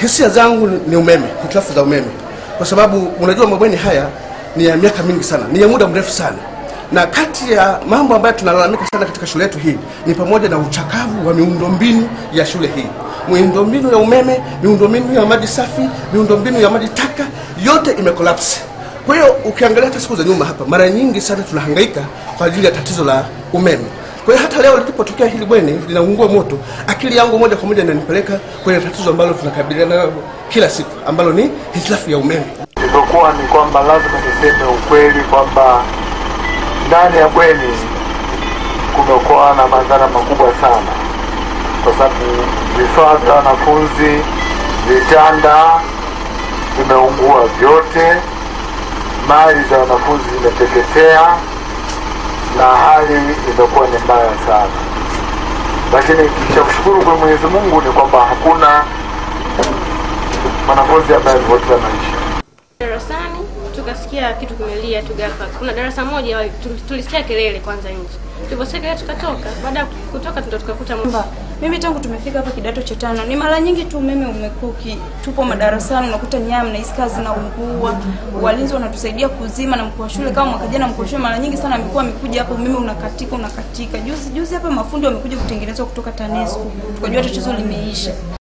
Hisia zangu ni umeme, hitilafu za umeme, kwa sababu unajua mabweni haya ni ya miaka mingi sana, ni ya muda mrefu sana na kati ya mambo ambayo tunalalamika sana katika shule yetu hii ni pamoja na uchakavu wa miundombinu ya shule hii, miundombinu ya umeme, miundombinu ya maji safi, miundombinu ya maji taka, yote imekolapsi. Kwa hiyo ukiangalia hata siku za nyuma hapa, mara nyingi sana tunahangaika kwa ajili ya tatizo la umeme. Kwa hiyo hata leo lilipotokea hili bweni linaungua moto, akili yangu moja kwa moja inanipeleka kwenye tatizo ambalo tunakabiliana nalo kila siku, ambalo ni hitilafu ya umeme. Ilivyokuwa ni kwamba lazima niseme ukweli kwamba ndani ya bweni kumekuwa na madhara makubwa sana, kwa sababu vifaa vya wanafunzi, vitanda vimeungua vyote, mali za wanafunzi zimeteketea na hali imekuwa ni mbaya sana. Lakini cha kushukuru kwa Mwenyezi Mungu ni kwamba hakuna mwanafunzi ambaye alipotea maisha. Darasani tukasikia kitu kimelia tu ghafla. Kuna darasa moja tulisikia kelele kwanza nje, tuliposikia kelele tukatoka. Baada kutoka ndo tukakuta mimi tangu tumefika hapa kidato cha tano ni mara nyingi tu umeme umekuki, tupo madarasani unakuta nyaya mnahisi kazi zinaungua. Walinzi wanatusaidia kuzima, na mkuu wa shule kama mwaka jana, mkuu wa shule mara nyingi sana amekuwa amekuja hapa, umeme unakatika unakatika. Juzi juzi hapa mafundi wamekuja kutengenezwa kutoka TANESCO, tukajua tatizo limeisha.